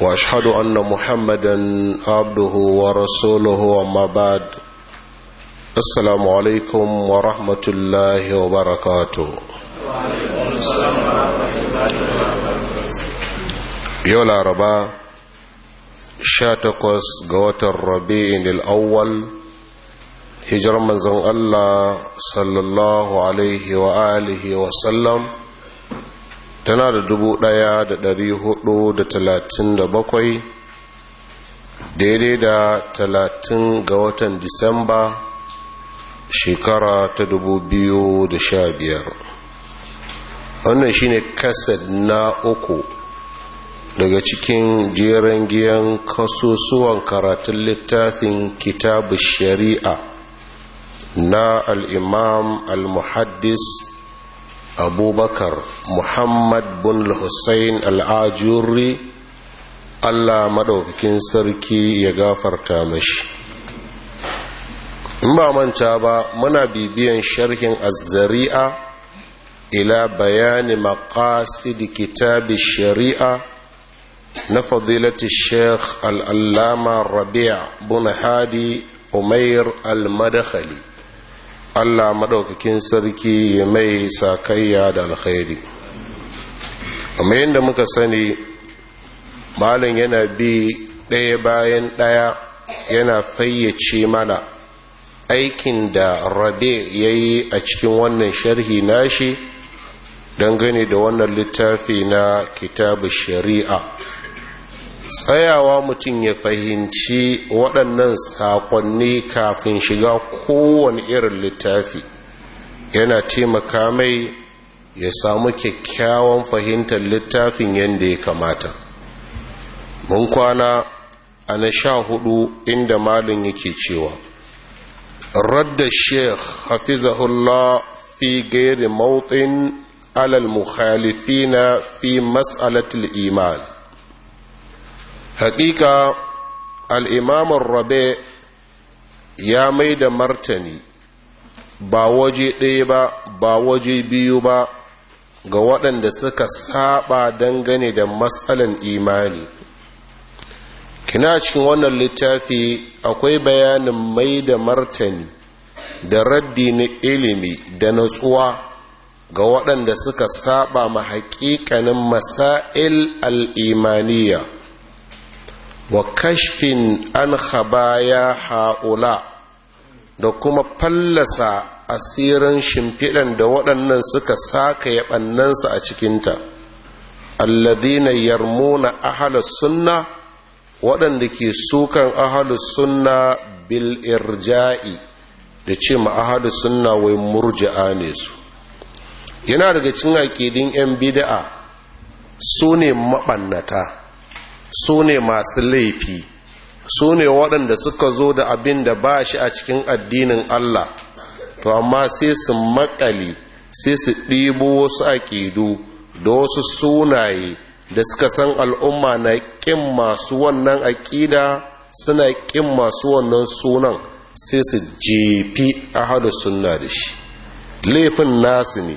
واشهد ان محمدا عبده ورسوله اما بعد السلام عليكم ورحمه الله وبركاته yau laraba 18 ga watan rabi'in al'awwal hijirar manzon allah sallallahu tana da dubu ɗaya da dari hudu da talatin da bakwai daidai da talatin ga watan disamba shekara ta dubu biyu da sha biyar wannan shine kasad na uku daga cikin jeren giyan kasusuwan karatun littafin kitabu shari'a na al'imam al-muhaddis abubakar muhammad bin hussein al'ajuri allah maɗaukakin sarki ya gafarta mashi in ba manta ba muna bibiyan sharhin azzari'a ila bayani maqasid kitabi shari'a na fadilati sheikh al'allama rabia bin hadi umair al-madakhali allah maɗaukakin sarki ya mai sakayya da alkhairi amma yadda muka sani malin yana bi ɗaya bayan ɗaya yana fayyace mana aikin da rabe ya yi a cikin wannan sharhi nashi dangane da wannan littafi na kitabu shari'a tsayawa mutum ya fahimci waɗannan saƙonni kafin shiga kowane irin littafi yana taimaka mai ya samu kyakkyawan fahimtar littafin yadda ya kamata mun kwana a na sha hudu inda malin yake cewa radda sheikh hafizahullah fi gairi mautin alal mukhalifina fi mas'alatul iman haƙiƙa al'imamun rabe ya mai da martani ba waje ɗaya ba ba waje biyu ba ga waɗanda suka saba dangane da matsalan imani kina cikin wannan littafi akwai bayanin mai da martani da raddi na ilimi da natsuwa ga waɗanda suka saba ma haƙiƙanin masa'il al'imaniya wa kashfin an ya ha'ula da kuma fallasa asirin shimfiɗan da waɗannan suka saka yaɓannansa a cikinta alladhina yarmuna ahalus sunna waɗanda ke sukan ahalus sunna bil irja'i da ce ma ahalus sunna wai murja'a ne su yana daga cin aƙidin 'yan bida'a su ne maɓannata su ne masu laifi su ne waɗanda suka zo da abin da ba shi a cikin addinin Allah to amma sai su makali sai su ɗibo wasu aƙidu da wasu sunaye da suka san al'umma na ƙin masu wannan aƙida suna ƙin masu wannan sunan sai su jefi ahadu suna da shi laifin nasu ne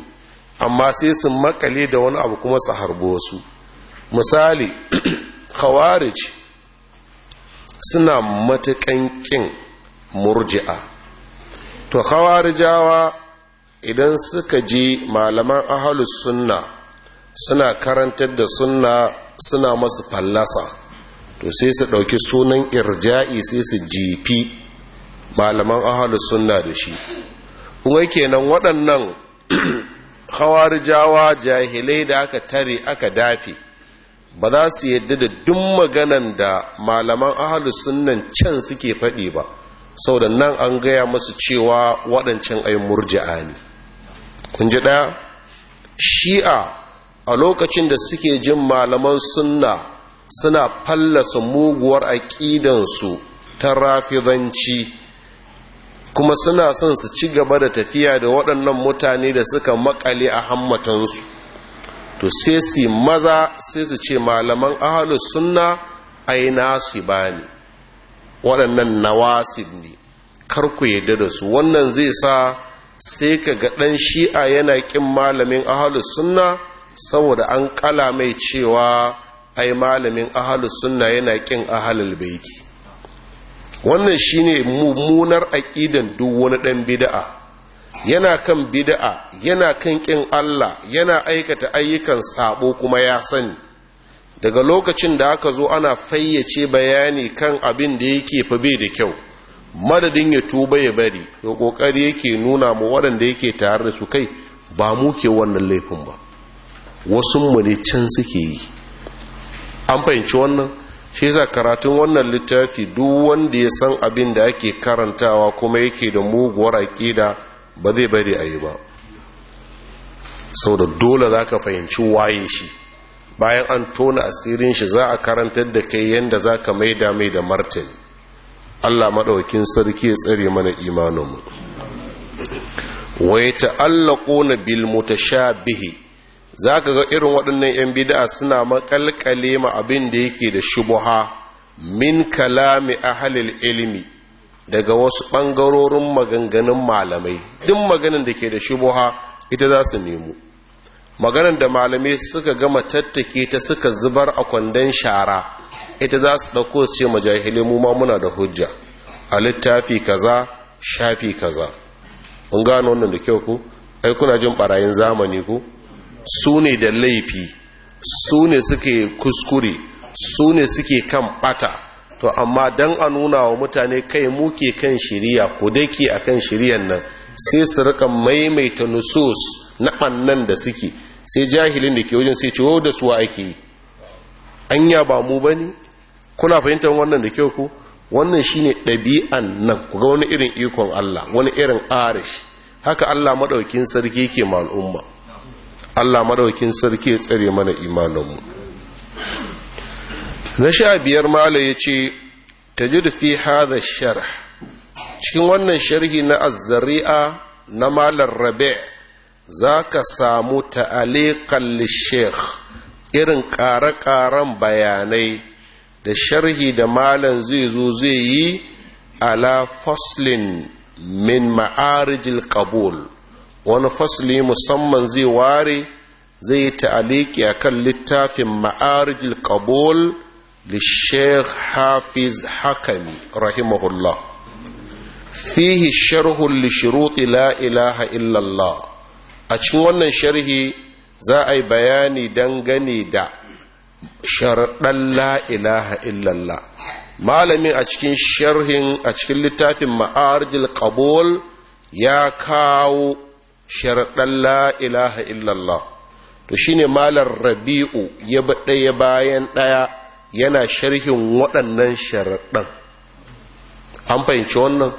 amma sai su makali da wani abu kuma su harbo su misali khawarij suna matakan ƙin murji'a to khawarijawa idan suka ji malaman ahalus sunna suna karantar da sunna suna masu fallasa to sai su ɗauki sunan irja'i sai su jifi malaman ahalus sunna da shi kuma kenan waɗannan hawarijawa jahilai da aka tare aka dafe ba za su yadda da duk maganan da malaman ahalus sunnan can suke faɗi ba sau da nan an gaya masu cewa waɗancan ayin murji'a ne kun ji ɗaya shi'a a lokacin da suke jin malaman sunna suna fallasa muguwar aƙidansu ta rafizanci kuma suna son su ci gaba da tafiya da waɗannan mutane da suka makale a hammatansu to sai su maza sai su ce malaman ahalus sunna aina nasu ba ne waɗannan nawasib ne karku yadda da su wannan zai sa sai ka ga ɗan shi'a yana ƙin malamin ahalus sunna saboda an ƙala mai cewa ai malamin ahalus sunna yana ƙin ahalul baiti wannan shine mummunar aƙidan duk wani ɗan bida'a yana kan bida'a yana kan ƙin Allah yana aikata ayyukan sabo kuma ya sani daga lokacin da aka zo ana fayyace bayani kan abin da yake fa bai da kyau madadin ya tuba ya bari to kokari yake nuna mu waɗanda yake tare da su kai ba mu ke wannan laifin ba wasu mu ne can suke yi an fahimci wannan shi yasa karatun wannan littafi duk wanda ya san abin da ake karantawa kuma yake da muguwar aƙida ba zai bari a yi ba sau da dole za ka fahimci waye shi bayan an tona asirin shi za a karantar da kai yadda za ka maida mai da martin allah maɗaukin sarki ya tsare mana imaninmu wai ta ta'allako na bilmutashabihi za ka ga irin waɗannan 'yan bida'a suna makalkale ma abin da yake da shubuha min kalami a halil ilimi daga wasu ɓangarorin maganganun malamai duk maganin da ke da shubuha ita za su nemo maganin da malamai suka gama tattake ta suka zubar a kwandon shara ita za su ɗauko su ce majahili mu ma muna da hujja a littafi kaza shafi kaza kun gano wannan da kyau ku ai kuna jin barayin zamani ku su ne da laifi su ne suke kuskure su ne suke kan bata to amma don a nuna wa mutane kai muke kan shiriya ko dai ke a kan shiriyan nan sai su rika maimaita nusus na ɓannan da suke sai jahilin da ke wajen sai ce da suwa ake yi An ya ba mu ba ne kuna fahimtar wannan da kyau ku wannan shi ne ɗabi'an nan ku ga wani irin ikon allah wani irin arish haka allah maɗaukin sarki ke ma'al'umma. allah maɗaukin sarki ya tsare mana imaninmu na sha biyar mala ya ce tajid fi hadha sharh cikin wannan sharhi na azzari'a na malar rabe za ka samu ta'alikan sheikh irin ƙare-ƙaren bayanai da sharhi da malan zai zo zai yi ala faslin min ma'arijil kabul wani fasli musamman zai ware zai yi ta'aliki a kan littafin ma'arijil kabul للشيخ حافظ حكمي رحمه الله فيه الشرح لشروط لا إله إلا الله أشوانا شرحي زاي بياني دنغني دا شرط لا إله إلا الله malamin a cikin sharhin a cikin littafin ma'arjil qabul ya kawo sharaɗan la ilaha illallah to shine malar rabi'u ya ɗaya bayan ɗaya yana sharhin waɗannan sharaɗin an fahimci wannan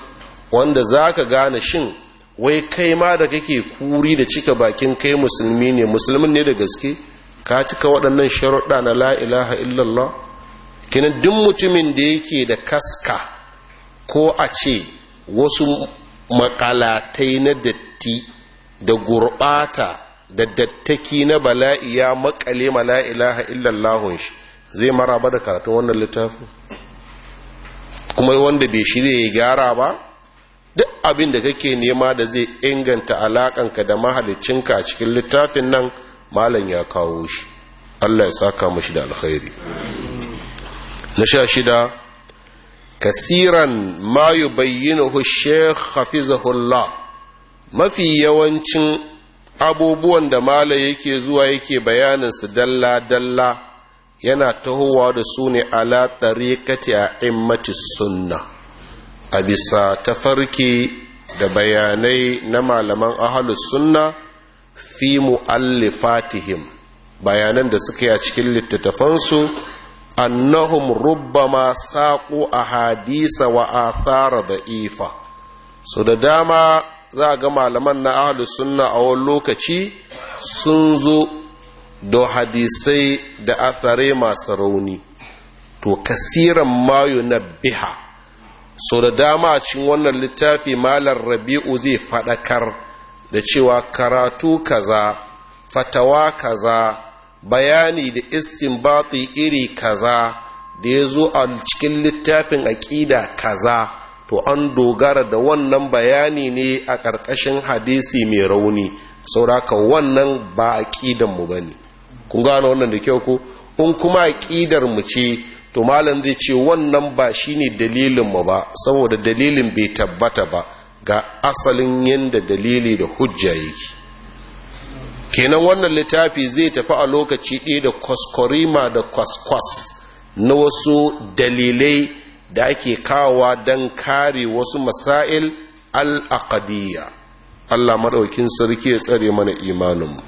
wanda za ka gane shin wai kai ma da kake kuri da cika bakin kai musulmi ne musulmin ne da gaske ka cika waɗannan sharaɗa na la'ilaha illallah kinan duk mutumin da yake da kaska ko a ce wasu makalatai na datti da gurɓata da dattaki na bala'i ya makale ma la'ilaha illallahun shi zai mara ba da karatun wannan littafin kuma wanda bai shirya ya gyara ba duk abin da kake nema da zai inganta alakanka da mahalicinka a cikin littafin nan malam ya kawo shi Allah ya saka mashi da alkhairi na sha shida kasiran ma yubayyinuhu Hafiza hafizahullah mafi yawancin abubuwan da malam yake zuwa yake bayanin su dalla dalla yana tahowa da su ne ala kati a immati sunna a bisa tafarki da bayanai na malaman ahalus sunna fi muallifatihim bayanan da suka yi a cikin littattafansu annahum rubbama saqu ahadisa wa athara da'ifa so da dama za a ga malaman na ahalus sunna a wani lokaci sun zo da hadisai da athare masu rauni to kasiran mayu na biha so da dama a cikin wannan littafi malar rabi'u zai faɗakar da cewa karatu kaza fatawa kaza bayani da istinbati iri kaza da ya zo a cikin littafin aƙida kaza to an dogara da wannan bayani ne a ƙarƙashin hadisi mai rauni sauraka wannan ba aƙidanmu ba ne kun gano wannan da kyau ko in kuma aqidar mu ce to malam zai ce wannan ba shine dalilin mu ba saboda dalilin bai tabbata ba ga asalin yanda dalili da hujja yake kenan wannan littafi zai tafi a lokaci ɗaya da kwaskwarima da kwaskwas na wasu dalilai da ake kawowa don kare wasu masail al'aqadiyya Allah maɗaukin sarki ya tsare mana imaninmu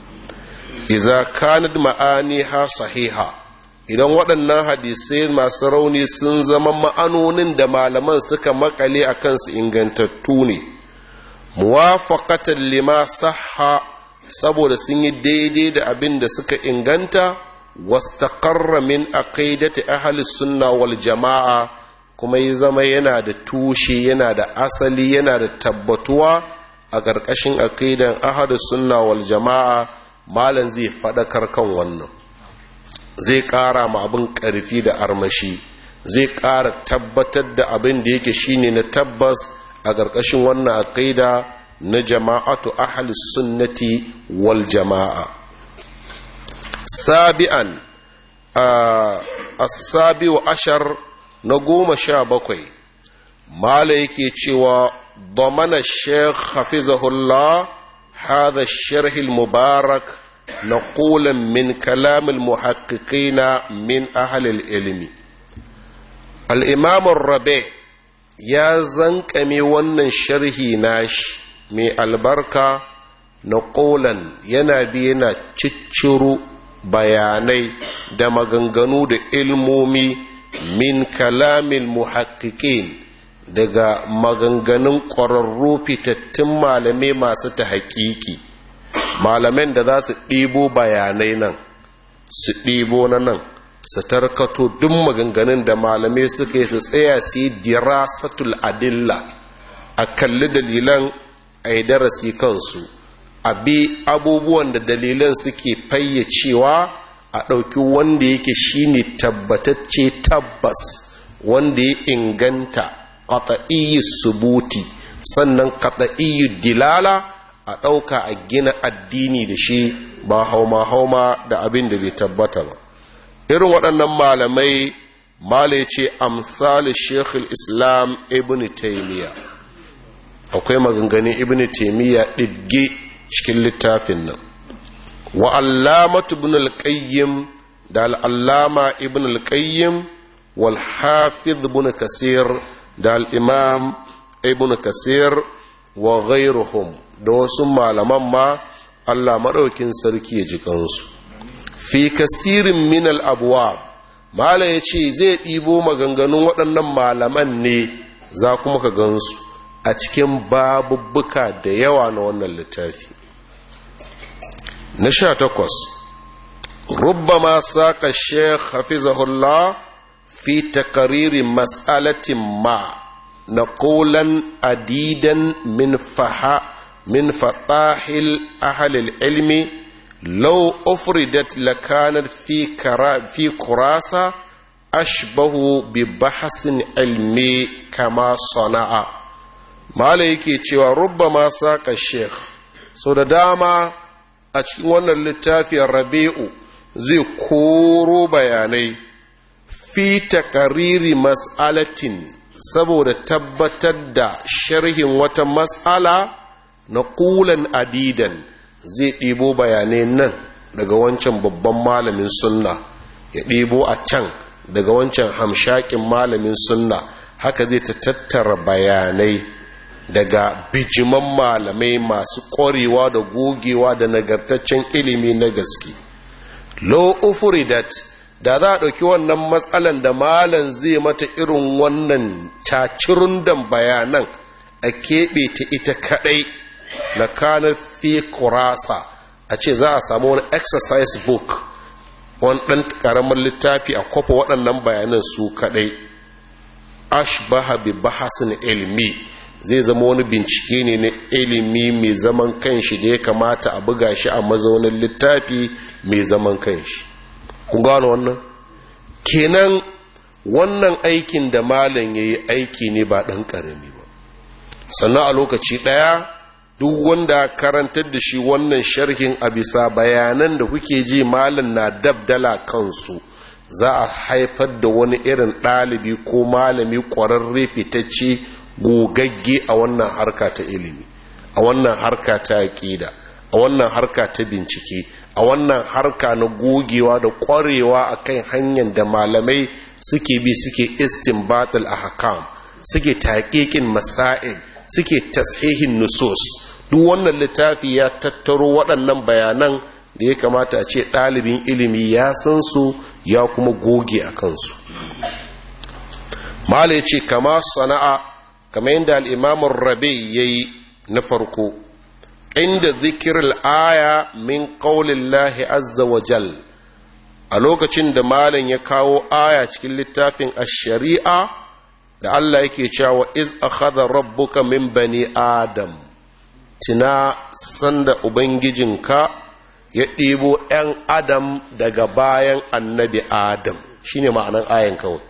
iza kanad ma'aniha sahiha idan waɗannan hadisai masu rauni sun zama ma'anonin da malaman suka makale a kansu ingantattu ne muwafaqatan lima sahha saboda sun yi daidai da abin da suka inganta wastaqarra min aqidati ahli sunna wal jama'a kuma ya zama yana da tushe yana da asali yana da tabbatuwa a ƙarƙashin aqidan ahli sunna wal jama'a malam zai faɗakar kan wannan zai kara ma abin karfi da armashi zai kara tabbatar da abin da yake shine na tabbas a ƙarƙashin wannan aqida na jama'atu ahli sunnati wal jama'a sabi'an as-sabi wa ashar na goma sha bakwai mala yake cewa mana shek hafizahullah هذا الشرح المبارك نقولا من كلام المحققين من أهل العلم الإمام الربيع يا زنك مي ونن شرحي ناش مي البركة نقولا ينابينا بينا تشرو bayanai da maganganu da ilmomi min kalamil muhakkikin daga maganganun ƙwararru fitattun malamai masu ta haƙiƙi malamen da za su ɗibo bayanai nan su ɗibo na nan su tarkato duk maganganun da malamai suka yi su tsaya su yi dirasatul adilla a kalli dalilan a yi darasi kansu a bi abubuwan da dalilan suke fayyacewa a ɗauki wanda yake shi ne tabbatacce tabbas wanda ya inganta qat'iyyu subuti sannan qat'iyyu dilala a ɗauka a gina addini da shi ba hauma hauma da abin da bai tabbata ba irin waɗannan malamai malai ce amsali sheikh islam ibn Taymiya. akwai maganganun ibn Taymiya digge cikin littafin nan wa allamatu ibn da al-allama ibn alƙayyim wal hafiz ibn kasir da al'imam ibn kasir wa ghairuhum da wasu malaman ma allah maɗaukin sarki ya ji kansu fi kasirin min al'abuwa mala ya ce zai ɗibo maganganun waɗannan malaman ne za kuma ka gansu a cikin babubbuka da yawa na wannan littafi na sha takwas rubba ma saƙa sheikh hafizahullah fi takariri mas'alatin ma na kolan adidan min faha min fatahil ahalil ilmi lau ofridat lakanar fi kurasa ashbahu bi bahasin ilmi kama sana'a mala yake cewa rubba ma saƙa sheikh sau da dama a cikin wannan littafin rabi'u zai koro bayanai fi takariri mas'alatin saboda tabbatar da sharhin wata mas'ala na kulan adidan zai ɗibo bayanai nan daga wancan babban malamin sunna ya ɗibo a can daga wancan hamshakin malamin sunna haka zai ta tattara bayanai daga bijiman malamai masu ƙwarewa da gogewa da nagartaccen ilimi na gaske lo ufuridat da za a ɗauki wannan matsalan da malam zai mata irin wannan cacirundan bayanan a keɓe ta ita kaɗai na kanar fi a ce za a samu wani exercise book wani ɗan ƙaramin littafi a kwafa waɗannan bayanan su kaɗai ashbaha bi bahasin ilmi zai zama wani bincike ne na ilimi mai zaman kanshi da ya kamata a buga shi a mazaunin littafi mai zaman kanshi Ku gano wannan kenan wannan aikin da malam ya yi aiki ne ba ɗan ƙarami ba sannan a lokaci ɗaya duk wanda karantar da shi wannan sharhin a bisa bayanan da kuke ji malam na dabdala kansu za a haifar da wani irin ɗalibi ko malami ƙwararre fitacce gogagge a wannan harka ta ilimi a wannan harka ta aƙida a wannan harka ta bincike a wannan harka na gogewa da ƙwarewa a kan hanyar da malamai suke bi suke istin a hakan, suke taƙiƙin masa'in, suke tashihin nusus duk wannan littafi ya tattaro waɗannan bayanan da ya kamata a ce ɗalibin ilimi ya san su ya kuma goge a kansu mala ya ce kama sana'a kama yadda al'imamun rabe ya yi na farko inda zikirar aya min qaulillahi azza wa a lokacin da malam ya kawo aya cikin littafin ash-shari'a da Allah yake cewa iz akhadha rabbuka min bani adam tina sanda ubangijinka ya ɗibo 'yan adam daga bayan annabi adam shine ma'anan ayan kawai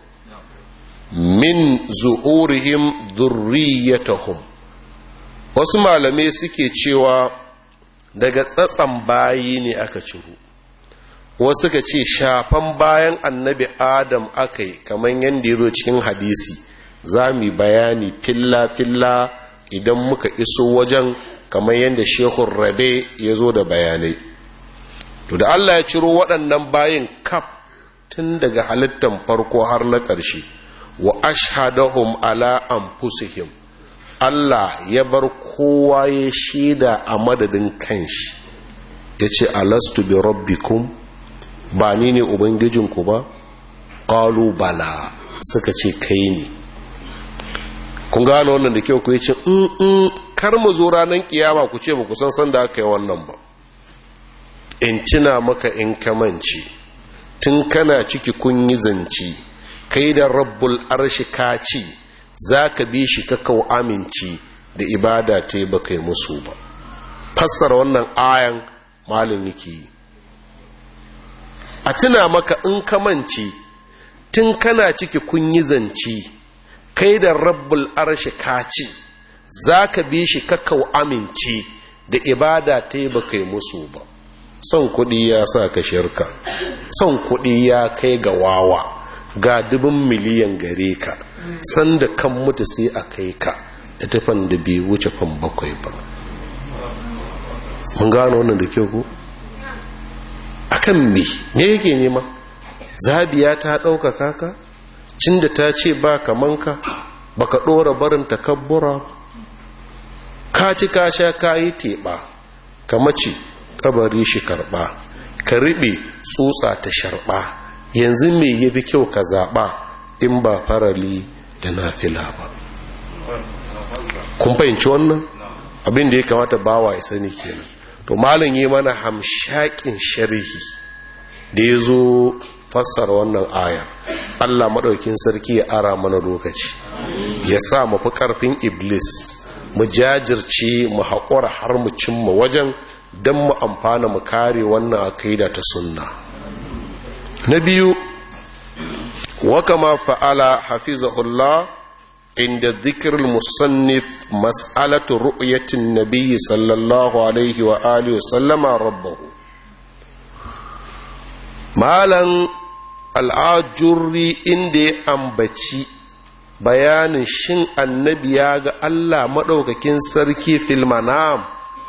min zuhurihim dhurriyyatahum wasu malamai suke cewa daga tsatsan bayi ne aka ciro wasu ka ce shafan bayan annabi adam aka yi kamar yadda ya zo cikin hadisi za mu bayani filla-filla idan muka iso wajen kamar yadda shekun rabe ya zo da bayanai to da allah ya ciro waɗannan bayin kaf tun daga halittar farko har na ƙarshe wa ashadahum ala fusuhim Allah ya bar kowa ya shaida a madadin kanshi ya ce alastu bi rabbikum ba ni ne ubangijinku ba ƙalu bala suka ce kai ne kun gano wannan da kyau ku yi ce kar mu zo ranar kiyama ku ce ba ku san sanda aka yi wannan ba in cina maka in kamanci tun kana ciki kun yi zanci kai da rabbul arshi ka ci za ka bi shi ka kawo aminci da ibada ta yi baka yi musu ba fassara wannan ayan malin yake yi a tuna maka in ka manci tun kana ciki kun yi zanci kai da rabbul arshi ka ci za ka bi shi ka kawo aminci da ibada ta yi baka yi musu ba son kuɗi ya sa ka shirka son kuɗi ya kai ga wawa ga dubin miliyan gare ka sanda kan mutu sai a kai ka da tafan da bai wuce fan bakwai ba mun gano wannan da kyau ko akan me Ne yake nema zabiya ta ɗaukaka ka cin da ta ce ba kaman ka baka ɗora barin takabbura ka ci ka sha ka yi teɓa ka mace kabari shi karɓa ka riɓe tsutsa ta sharɓa yanzu me ya fi kyau ka zaɓa in ba farali da na fila ba kun fahimci wannan abin da ya kamata bawa ya sani kenan to malin yi mana hamshakin sharhi da ya zo fassara wannan aya allah maɗaukin sarki ya ara mana lokaci ya sa mafi ƙarfin iblis mu jajirce mu haƙura har mu cimma wajen don mu amfana mu kare wannan akaida ta sunna na biyu wa kama fa'ala hafizahullah inda dhikr musannif mas'alatu ru'yatin Nabiyyu sallallahu alaihi wa wa sallama rabbahu malan al'ajurri inda ya ambaci bayanin shin annabi ya ga Allah maɗaukakin sarki filma filmanam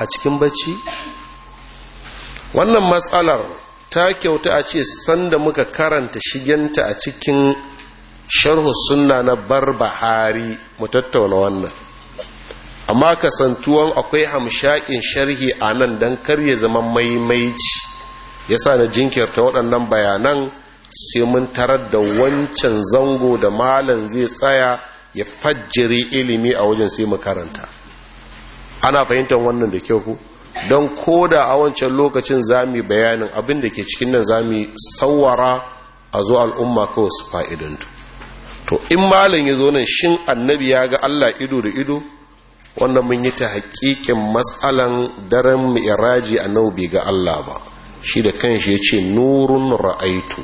a cikin bacci wannan matsalar ta kyauta a ce sanda muka karanta shigenta a cikin sharhu sunna na barbahari mu tattauna wannan amma kasantuwan akwai hamshakin sharhi a nan don karye zama maimaici ya sa na jinkirta waɗannan bayanan sai mun tarar da wancan zango da malam zai tsaya ya fajjiri ilimi a wajen sai mu karanta ana fahimtar wannan da kyau ku don ko da a wancan lokacin zami bayanin abin da ke cikin nan zami sauwara a zo al'umma kawai su fa'idantu to in malin ya zo nan shin annabi ya ga allah ido da ido wannan mun yi ta haƙiƙin matsalan daren mi'iraji bai ga allah ba shi da kanshi ya ce nurun ra'aitu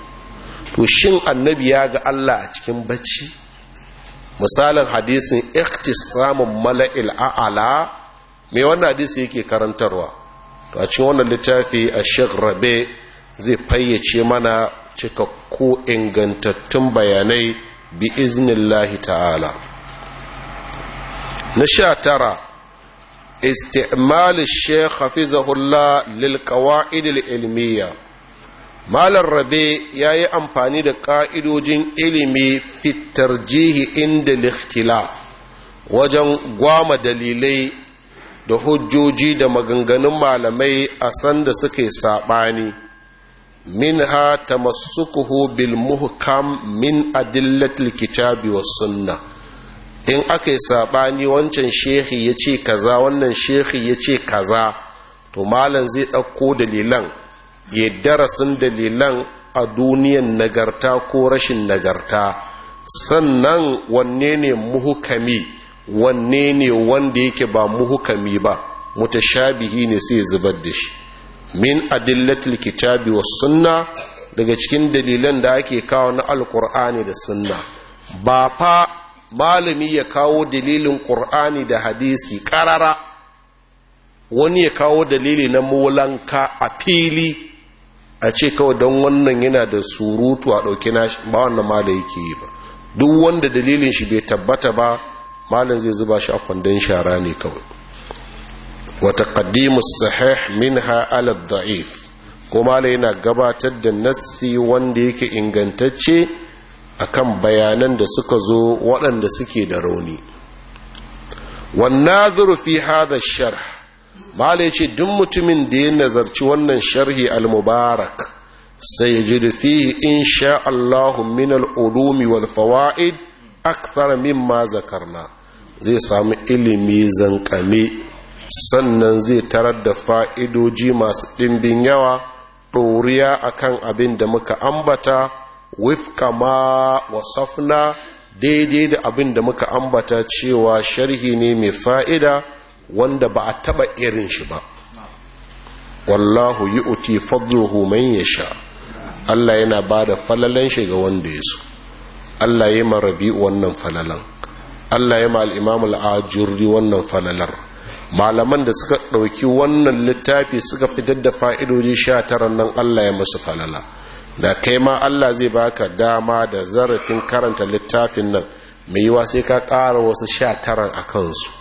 to shin annabi ya ga allah a cikin bacci misalin hadisin ikhtisamun mala'il a'ala mai wannan hadisi yake karantarwa to a cikin wannan littafi a rabe, zai fayyace mana cikakku ingantattun bayanai bi iznin lahi ta'ala na sha tara istimali sheikh hafizahullah lilkawa'id ilmiya malar rabe ya yi amfani da ka'idojin ilimi fitar jihi inda likhtila wajen gwama dalilai da hujjoji da maganganun malamai a sanda suke saɓani minha tamassukuhu bil muhkam min adillatil kitabi wa sunna in aka yi saɓani wancan shehi ya ce kaza wannan shehi ya ce kaza to malam zai ɗauko dalilan ya darasin dalilan a duniyan nagarta ko rashin nagarta sannan wanne ne muhukami wanne ne wanda yake ba muhukami ba mutashabihi ne sai zubar da shi min adillatul kitabi was sunna daga cikin dalilan da ake kawo na alkur'ani da sunna ba fa malami ya kawo dalilin qur'ani da hadisi karara wani ya kawo dalili na molanka a fili a ce kawai don wannan yana da surutu a ɗauki na ba wannan ma da yi ba duk wanda dalilin shi bai tabbata ba malin zai zuba shi a kwandon shara ne kawai wata ƙadimus sahih minha ala da'if ko malin yana gabatar da nassi wanda yake ingantacce akan bayanan da suka zo waɗanda suke da rauni wannan fi hada sharh malin ce duk mutumin da ya nazarci wannan sharhi al-mubarak سيجد فيه إن min الله من العلوم والفوائد min مما ذكرنا zai samu ilimi zankame sannan zai tarar da fa'idoji masu ɗimbin yawa ɗoriya akan abin da muka ambata wifka ma wasafna daidai da abin da muka ambata cewa sharhi ne mai fa'ida wanda ba a taɓa irin shi ba wallahu yi uti fadluhu man ya sha Allah yana ba da falalan shi ga wanda ya so Allah ya marabi wannan falalan Allah ya ma'al imamul ajurri wannan falalar malaman da suka ɗauki wannan littafi suka fitar da fa'idoji sha tara nan Allah ya musu falala da kai ma Allah zai baka dama da zarafin karanta littafin nan mai yiwa sai ka ƙara wasu sha a kansu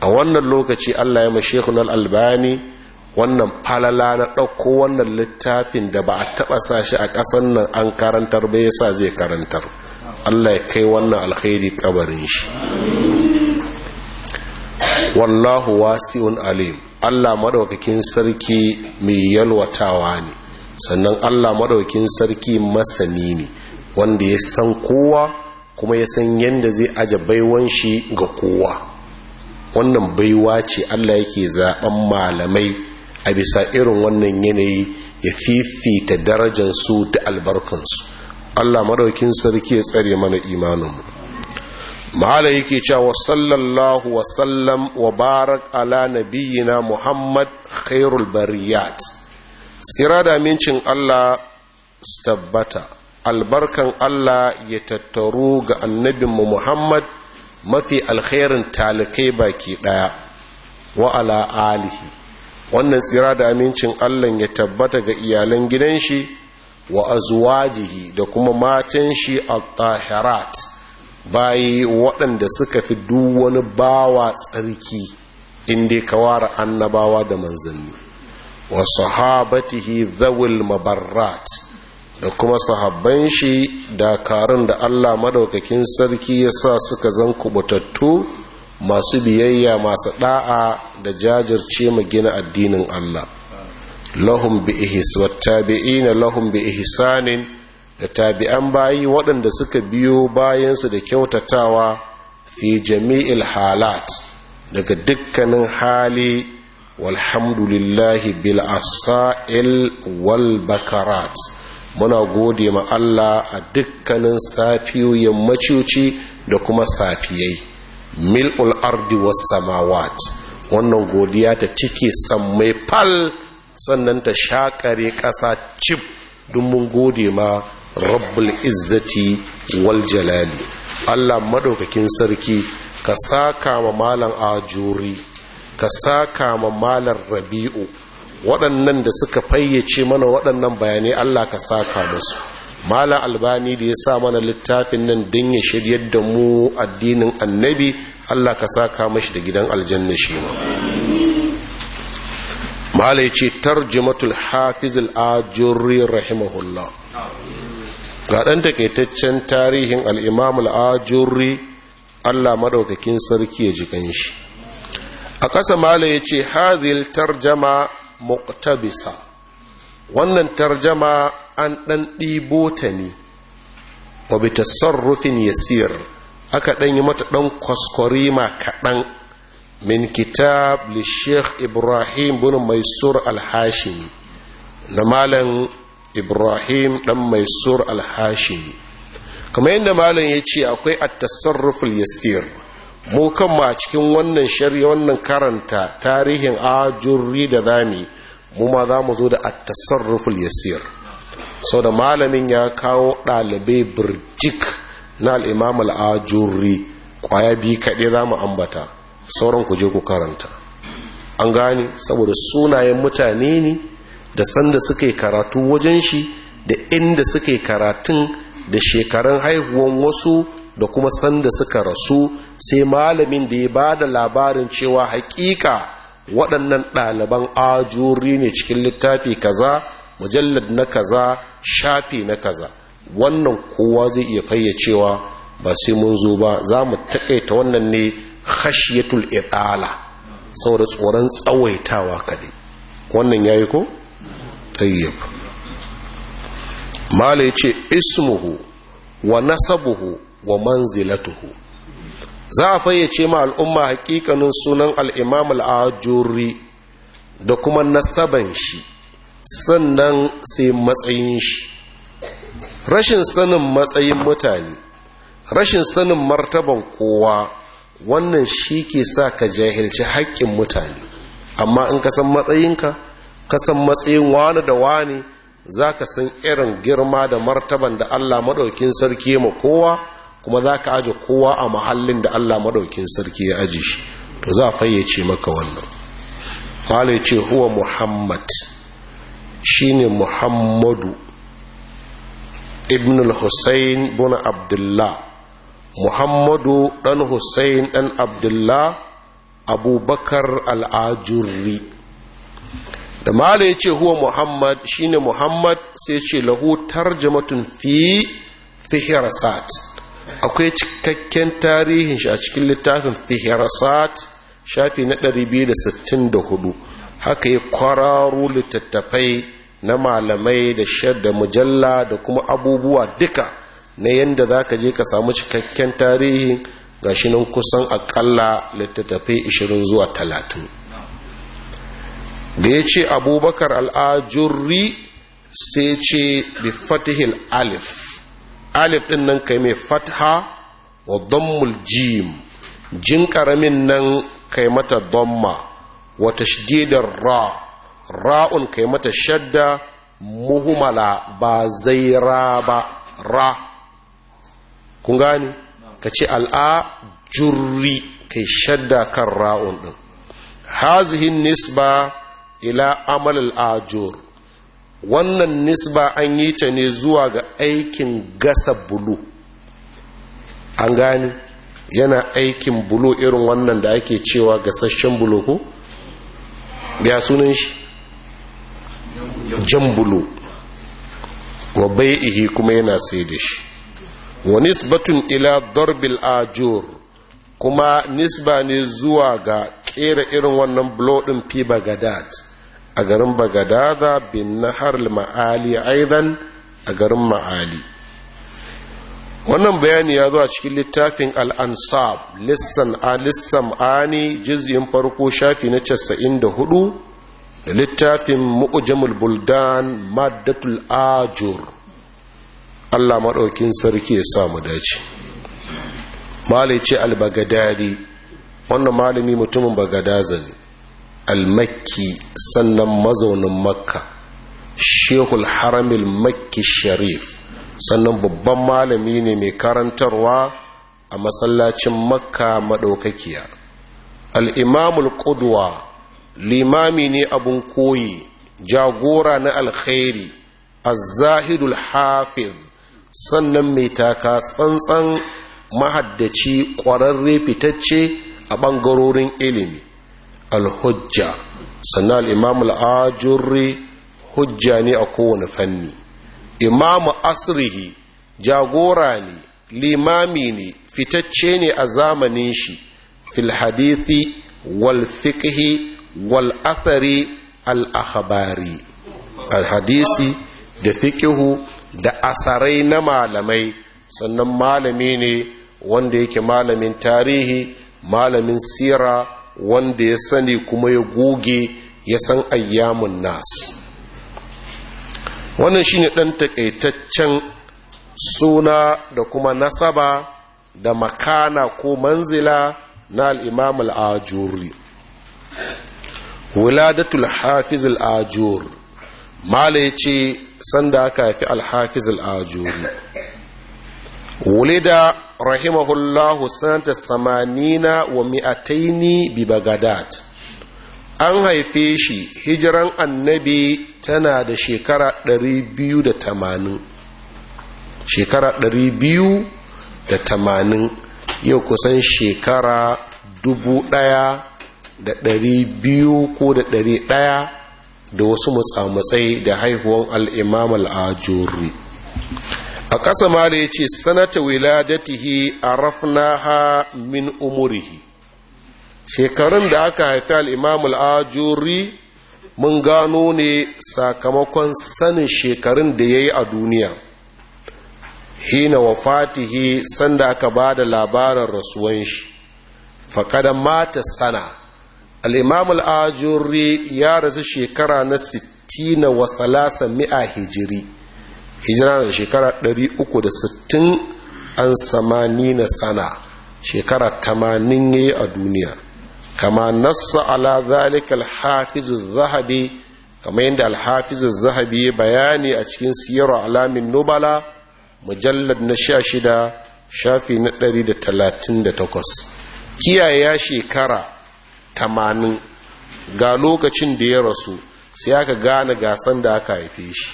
a wannan lokaci Allah ya mashekun albani wannan falala na ɗauko wannan littafin da ba a taɓa sashi a ƙasan nan an karantar ba yasa zai karantar Allah ya kai wannan alkhairi kabarin shi wallahu wasi'un alim Allah madaukakin sarki mai yalwatawa ne sannan Allah madaukakin sarki masani ne wanda ya san kowa kuma ya san yadda zai aje baiwan shi ga kowa wannan baiwa ce Allah yake zaben malamai a bisa irin wannan yanayi ya fifita darajar su da albarkansu Allah madaukin sarki ya tsare mana imaninmu mahala yake cewa sallallahu wa sallam wa barak ala nabiyyina muhammad khairul bariyat tsira da amincin Allah su tabbata albarkan Allah ya tattaru ga annabinmu muhammad mafi alkhairin talakai baki daya wa ala alihi wannan tsira da amincin Allah ya tabbata ga iyalan gidan shi wa azwajihi da kuma matan shi al tahirat bayi waɗanda suka fi duk wani bawa tsarki inda ka ware annabawa da manzanni wa sahabatihi zawil mabarrat da kuma sahabban shi dakarun da Allah madaukakin sarki ya sa suka zan kubutattu masu biyayya masu da'a da jajirce mu gina addinin Allah lahum bi ihis tabi'ina lahum bi ihsanin da tabi'an bayi waɗanda suka biyo bayansu da kyautatawa fi jami'il halat daga dukkanin hali walhamdulillahi bil asa'il wal bakarat muna gode ma Allah a dukkanin safiyoyin maciuci da kuma safiyai mil'ul ardi was samawat wannan godiya ta cike mai fal sannan ta shakare ƙasa cif don gode ma rabbul izzati wal jalali allah madaukakin sarki ka saka ma malan ajuri ka saka ma malan rabi'u waɗannan da suka fayyace mana waɗannan bayanai allah ka saka musu mala albani da ya sa mana littafin nan don ya shiryar da mu addinin annabi allah ka saka mashi da gidan aljanna shi ma malai ce tarjimatul hafiz al-ajurri rahimahullah ga ɗan takaitaccen tarihin al-imam ajurri Allah madaukakin sarki ya ji ganshi a ƙasa malai ya ce hadhil tarjama muqtabisa wannan tarjama an ɗan ɗibo ta ne wa bi tasarrufin yasir aka ɗan yi mata ɗan ma kaɗan min kitab lishek ibrahim bin maisur alhashimi na malam ibrahim dan maisur alhashimi kamar yadda malam ya ce akwai at-tasarruful yasir mu kanmu a cikin wannan shari'a wannan karanta tarihin ajurri da zami mu ma za mu zo da at-tasarruful yasir sau da malamin ya kawo ɗalibai birjik na al'imam al'ajurri kwaya biyu kaɗai za mu ambata sauran ku je ku karanta an gane saboda sunayen mutane ne da sanda suke karatu wajen shi da inda suke karatun da shekarun haihuwan wasu da kuma sanda suka rasu sai malamin da ya ba da labarin cewa hakika waɗannan ɗaliban ajuri ne cikin littafi kaza mujallar na kaza shafi na kaza wannan kowa zai iya fayyacewa ba sai mun zo ba za mu taƙaita wannan ne khashiyatul itala saboda tsoron tsawaitawa kadai wannan yayi ko tayyib mala yace ismuhu wa nasabuhu wa manzilatuhu za a fayyace ma al'umma hakikanin sunan al'imam al'ajuri da kuma nasaban shi sannan sai matsayin shi rashin sanin matsayin mutane rashin sanin martaban kowa wannan shi ke sa ka jahilci haƙƙin mutane amma in ka san matsayinka ka san matsayin wani da wani za ka san irin girma da martaban da allah maɗaukin sarki ma kowa kuma za ka aje kowa a mahallin da allah maɗaukin sarki ya aji shi to za a fayyace maka wannan malai ce huwa muhammad shine muhammadu ibn al-hussein bin abdullah muhammadu ɗan hussein ɗan abdullah abubakar al'ajurri da mala ya ce huwa muhammad shine muhammad sai ce lahu tarjamatun fi fihrasat akwai cikakken tarihin shi a cikin littafin fihrasat shafi na 264 haka ya kwararo littattafai na malamai da shadda mujalla da kuma abubuwa duka na yadda za ka je ka samu cikakken tarihi ga shi nan kusan akalla littattafai 20 zuwa talatin. da ya ce abubakar al'ajurri sai ce bi fatihil alif alif ɗin nan kai mai fatha wa dhammul jim jin ƙaramin nan kai mata dhamma wa tashdidar ra ra'un kai mata shadda muhumala ba zaira ba ra kun gani ka ce al'ajurri kai shadda kan ra'un ɗin hazihin nisba ila amal al'ajur wannan nisba an yi ta ne zuwa ga aikin gasa bulu an gane yana aikin bulu irin wannan da ake cewa gasashen bulu ko ya sunan shi jan bulu wa bai ihi kuma yana sai da shi wa nisbatun ila darbil ajur kuma nisba ne zuwa ga kera irin wannan blodin fi bagadad a garin bagadada bin nahar ma'ali aidan a garin ma'ali wannan bayani ya zo cikin littafin al'ansab lissan lissan ani jizyin farko shafi na casa'in da da littafin mu'ujamul buldan maddatul ajur Allah maɗaukin sarki ya sa mu dace malai ce albagadari wannan malami mutumin bagadaza ne almakki sannan mazaunin makka shehul haramil makki sharif sannan babban malami ne mai karantarwa a masallacin makka maɗaukakiya al'imamul ƙudwa limami ne abun koyi jagora na alkhairi azzahidul hafiz sannan mai taka tsantsan mahaddaci ƙwararre fitacce a ɓangarorin ilimi alhujja sannan al'imam al'ajurri hujja ne a kowane fanni imamu asirihi jagora ne limami ne fitacce ne a zamanin shi fil hadithi wal fiqhi wal athari al Alhadisi da fiƙihu da asarai na malamai sannan malami ne wanda yake malamin tarihi malamin sira wanda ya sani kuma ya goge ya san ayyamun nas wannan shi ne ɗan takaitaccen suna da kuma nasaba da makana ko manzila na al'imam al'ajuri wuladatul hafiz al'ajur mala ce sanda aka haifi alhafiz al'ajuri wulida rahimahullahu sanata samanina wa mi'ataini bi bagadat an haife shi hijiran annabi tana da shekara 280 shekara tamanin, yau kusan shekara dubu ɗaya da 1200 ko da 100 da wasu matsamatsai da haihuwan al'imam al'ajuri a ƙasa ma da ya ce sanata wiladatihi a rafnaha min umurihi shekarun da aka haifi al'imam al'ajuri mun gano ne sakamakon sanin shekarun da ya yi a duniya hina wa fatihi sanda aka ba da labarin rasuwan shi faƙadan mata sana al-imam al-ajuri ya rasu shekara na 60 wasalasa mi'a hijiri hijira da shekara 360 an samani na sana shekara 80 yayi a duniya kama nassa ala zalika al-hafiz zahabi kama yanda al-hafiz az-zahabi bayani a cikin siyar alamin nubala mujallad na 16 shafi na 138 kiyaya shekara tamanin ga lokacin da ya rasu sai aka gane gasan da aka haife shi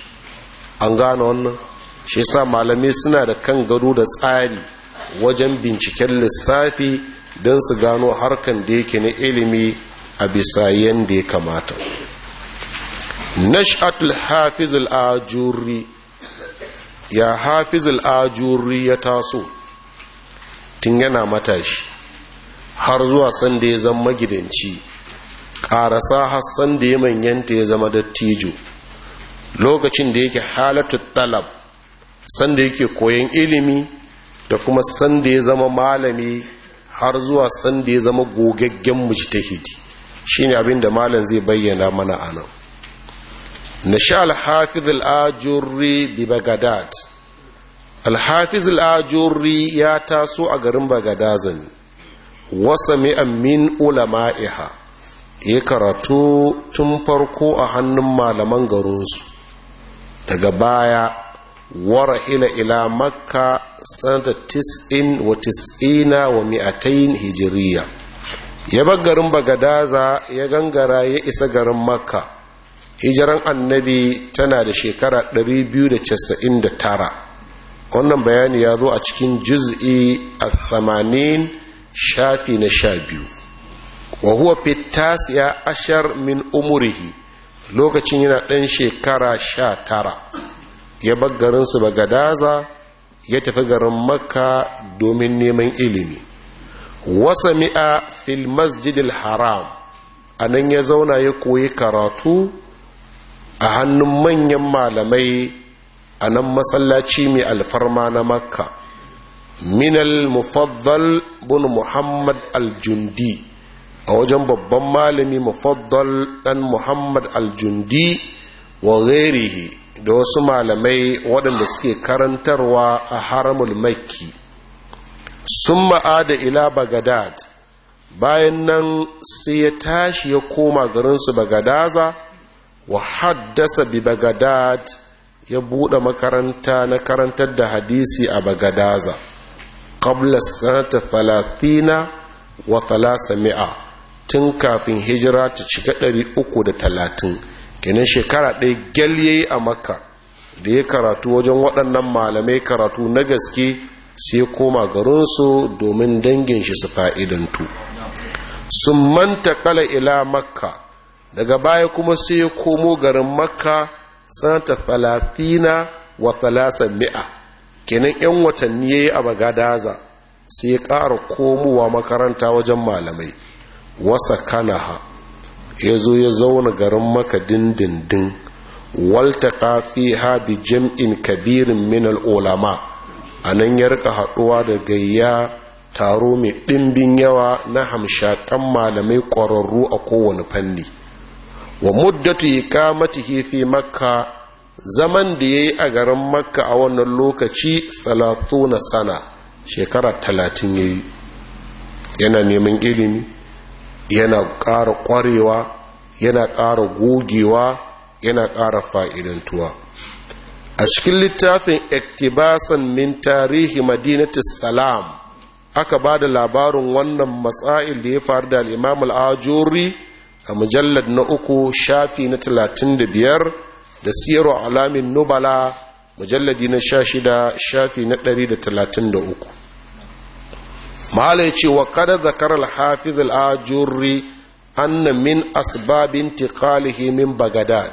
an gane wannan shi sa malamai suna da kan gado da tsari wajen binciken lissafi don su gano harkan da yake na ilimi a bisa da ya kamata nash'atul hafiz al-ajuri ya hafiz al-ajuri ya taso tun yana matashi har zuwa sanda ya zama magidanci ƙarasa har sanda ya manyanta ya zama dattijo lokacin da yake halatar talab sanda yake koyon ilimi da kuma sanda ya zama malami har zuwa sanda ya zama gogaggen mujtahidi shine abin da malam zai bayyana mana anan nasha al-hafiz al bi bagdad al-hafiz al-ajurri ya taso a garin bagadazan wasa min ulama'iha ya karatu tun farko a hannun malaman garinsu daga baya wara ila ila makka sanata tis'in wa tis'ina wa mi'atain hijiriya ya bar garin bagadaza ya gangara ya isa garin makka hijiran annabi tana da shekara 299 wannan bayani ya zo a cikin juz'i a 80 shafi na sha biyu wa huwa ya ashar min umurihi lokacin yana ɗan shekara sha tara ya bar garinsu bagadaza ya tafi garin makka domin neman ilimi wasa mi'a fil masjidil haram a nan ya zauna ya koyi karatu a hannun manyan malamai a nan masallaci mai alfarma na makka minal mufaddal bin muhammad aljundi a wajen babban malami mufaddal dan muhammad aljundi wa ghairihi da wasu malamai waɗanda suke karantarwa a haramul makki sun ma'ada ila bagadad bayan nan sai ya tashi ya koma garinsu bagadaza wa haddasa bi bagadad ya buɗe makaranta na karantar da hadisi a bagadaza qabla sanata thalathina wa mi'a tun kafin hijira ta cika ɗari uku da talatin kenan shekara ɗaya gyal yayi a makka da ya karatu wajen waɗannan malamai karatu na gaske sai koma garinsu domin dangin shi su fa'idantu sun manta kala ila makka daga baya kuma su ya komo garin makka sanata talatina wa talasa mi'a kenan 'yan watanni ya yi a bagadaza sai ya ƙara komowa makaranta wajen malamai wasa kanaha ya zo ya zauna garin maka dindindin waltaka fiha bi jam'in kabirin min olama a nan ya rika haɗuwa da gayya taro mai ɗimbin yawa na hamshakan malamai ƙwararru a kowane fanni wa muddatu kamata fi maka. zaman da ya yi a garin makka a wannan lokaci na sana shekara talatin ya yi yana neman ilimi yana ƙara ƙwarewa yana ƙara gogewa yana ƙara fa'idantuwa a cikin littafin ektibasan min tarihi madinatis salam aka ba da labarin wannan matsa'il da ya faru da al'imam al'ajori a mujallar na uku shafi na talatin da biyar da siyarwa alamin nubala mujalladi na sha shida shafi na ɗari da talatin da uku mahala ce wa kada zakar alhafiz al'ajurri anna min asbabin tiqalihi min bagadad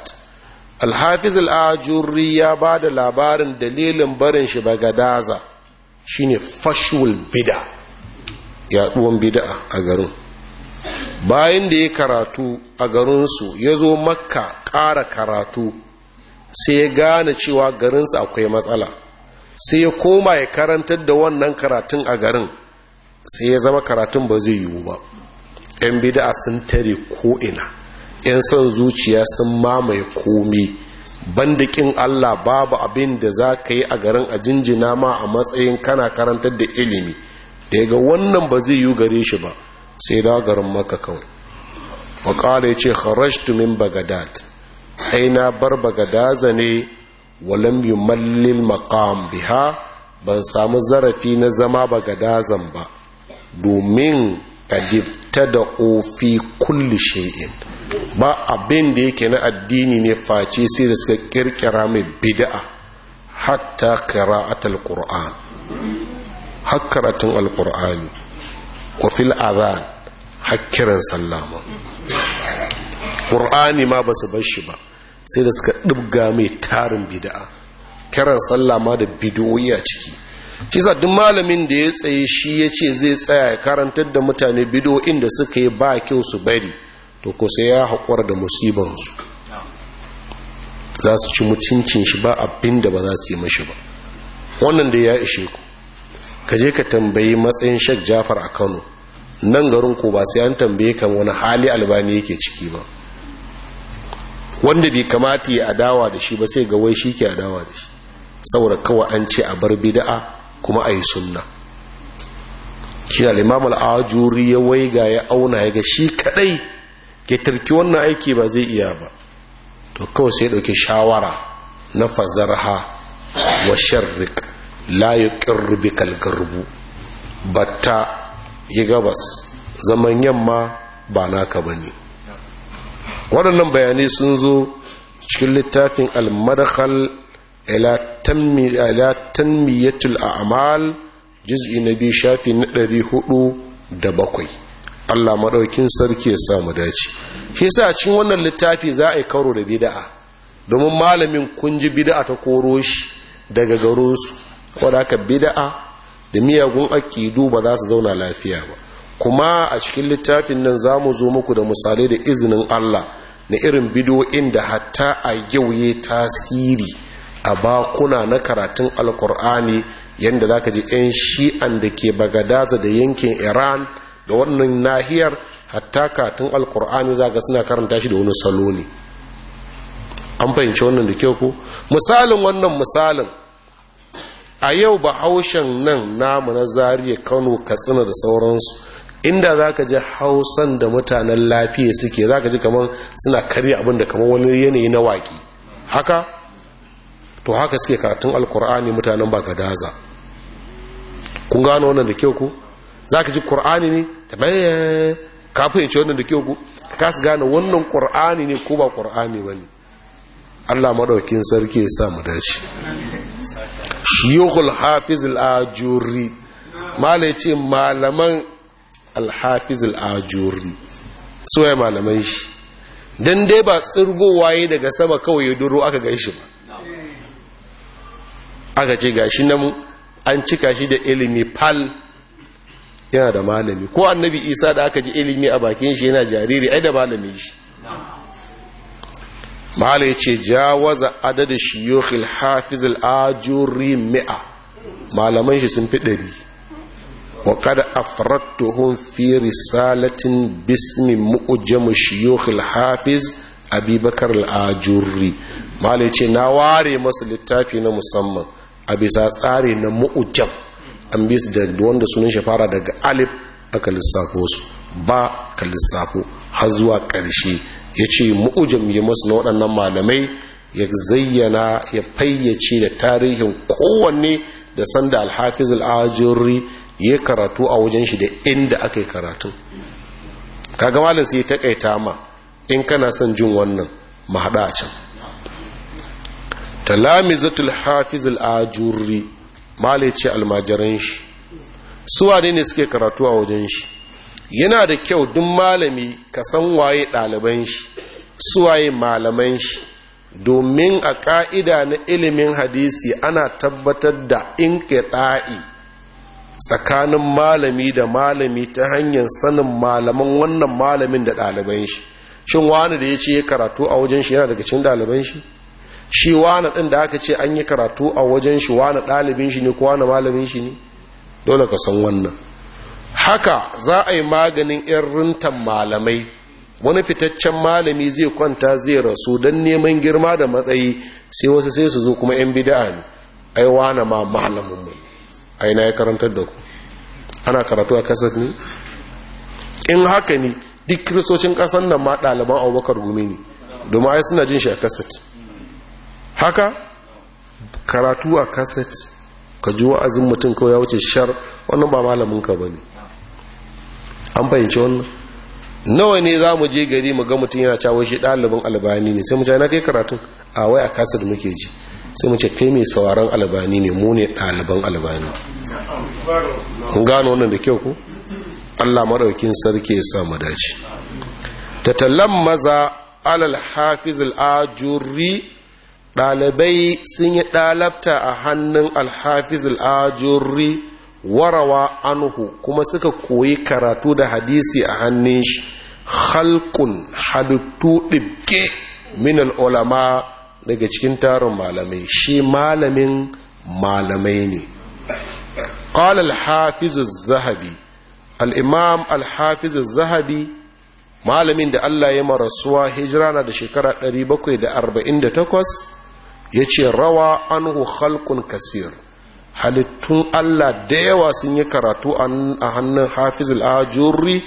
alhafiz al'ajurri ya ba da labarin dalilin barin shi bagadaza shine fashul bida yaɗuwan bida a garin bayan da ya karatu a garinsu ya zo makka ƙara karatu sai ya gane cewa garinsa akwai matsala sai ya koma ya karantar da wannan karatun a garin sai ya zama karatun ba zai yiwu ba yan bida sun tare ko'ina yan son zuciya sun mamaye komi bandikin allah babu abin da za ka yi a garin a jinjina ma a matsayin kana karantar da ilimi da ga wannan ba zai yiwu gare shi ba sai da garin maka kawai faƙa ya ce kharashtu min bagadad ai na barbaga daza ne walam mallil maqam biha ban samu zarafi na zama baga dazan ba domin kadifta da ofi kulli shay'in ba abin da yake na addini ne face sai da suka kirkira mai bid'a hatta qira'atul qur'an hakkaratun alqur'ani wa fil adhan hakkiran sallama qur'ani ma basu bar shi ba sai da suka ɗibga mai tarin bida'a kiran sallah ma da bidoyi a ciki shi sa duk malamin da ya tsaye shi ya ce zai tsaya ya karantar da mutane bido da suka yi ba kyau su bari to ko sai ya haƙura da musibansu za su ci mutuncin shi ba abin da ba za su yi mashi ba wannan da ya ishe ku ka je ka tambayi matsayin shek jafar a kano nan garin ko ba sai an tambaye kan wani hali albani yake ciki ba wanda bai kamata ya adawa da shi ba sai ga wai shi ke adawa da shi saboda kawai an ce a bar bida'a kuma a yi sunna shi da limam ajuri ya wai ga ya auna ya ga shi kadai ke tarki wannan aiki ba zai iya ba to kawai sai ya dauki shawara na fazarha wa sharrik la yuqir bikal garbu batta yi gabas zaman yamma ba naka bane waɗannan bayanai sun zo cikin littafin al-madakhal ila tammiyatul a'mal juz'i na biyu shafi na ɗari hudu da bakwai Allah maɗaukin sarki ya sa mu dace shi yasa cikin wannan littafi za a yi karo da bid'a domin malamin kun ji bid'a ta koro shi daga ko da aka bid'a da miyagun aƙidu ba za su zauna lafiya ba kuma a cikin littafin nan za mu zo muku da misalai da izinin Allah na irin bidoyin da hatta a yauye tasiri a bakuna na karatun alkur'ani yadda za ka ji 'yan shi'an da ke bagadaza da yankin iran da wannan nahiyar hatta karatun alkur'ani za ga suna karanta shi da wani salo ne an fahimci wannan da kyau ku misalin wannan misalin a yau bahaushen nan namu na zariya kano katsina da sauransu inda za ka ji hausan da mutanen lafiya suke za ka ji kamar suna karya abin da kamar wani yanayi na waki haka to haka suke karatun alkur'ani mutanen ba daza. kun gano wannan da kyau ku za ka ji kur'ani ne da bayan kafin ce wannan da kyau ku ka su gano wannan kur'ani ne ko ba kur'ani ba ne allah maɗaukin sarki ya sa mu dace shiyukul hafiz al'ajuri mala ce malaman alhafiz al'ajuri su ya malaman shi don dai ba tsirgowa ya daga sama kawai ya duro aka gan shi ba aka ce gashi nan an cika shi da ilimi pal yana da malami ko annabi isa da aka ji ilimi a bakin shi yana jariri ai da malami shi mahala ya ce jawaza adada shiyokil hafiz al'ajuri mi'a malaman shi sun fi ɗari وقد أفردتهم في رسالة باسم مؤجم الشيوخ الحافظ أبي بكر الآجري ما ليتي نواري مس للتافي مسمى أبي ساساري نمؤجم an bi su da wanda sunan shi fara daga alif aka lissafo su ba ka lissafo har zuwa ƙarshe ya ce mu'ujam ya masu na waɗannan malamai ya zayyana ya fayyace da tarihin kowanne da sanda alhafiz al'ajirri ya karatu a wajen shi da inda aka yi karatun kaga malam sai ta kaita ma in kana son jin wannan ma hada a can talamizatul hafizul ajuri ajurri malai ce almajiran shi su wane ne suke karatu a wajen shi yana da kyau duk malami ka san waye ɗaliban shi su waye malaman shi domin a ƙa'ida na ilimin hadisi ana tabbatar da in ɗa'i tsakanin malami da malami ta hanyar sanin malaman wannan malamin da ɗaliban shi shin wani da ya ce ya karatu a wajen shi yana daga cikin ɗaliban shi shi wani ɗin da aka ce an yi karatu a wajen shi wani ɗalibin shi ne ko wani malamin shi ne dole ka san wannan haka za a yi maganin 'yan rintan malamai wani fitaccen malami zai kwanta zai rasu don neman girma da matsayi sai wasu sai su zo kuma 'yan bida'a ne ai wani ma malamin mai a ina ya karantar da ku ana karatu a kasar ne in haka ne duk kiristocin kasar nan ma ɗaliban abubakar gumi ne domin ai suna jin shi a kaset. haka karatu a kasar ka ji wa'azin mutum kawai ya wuce shar wannan ba malamin ka bane an fahimci wannan nawa ne za mu je gari mu ga mutum yana cawo shi ɗalibin albani ne sai mu na kai karatun a wai a kasar muke ji sai mace kai mai sauraron albani ne mu ne ɗaliban albani gano wannan da kyau ku Allah maɗaukin sarki ya samu dace ta tallan maza alal hafiz al'ajuri ɗalibai sun yi ɗalabta a hannun alhafiz al'ajuri warawa anhu kuma suka koyi karatu da hadisi a hannun shi halkun halittu ɗibke min al'ulama daga cikin tarin malamai shi malamin malamai ne قال الحافظ zahabi, الإمام الحافظ zahabi malamin da Allah ya marasuwa hijira na da shekara 748 ya ce rawa an anhu halkun kasir halittun Allah da yawa sun yi karatu a hannun hafiz ajuri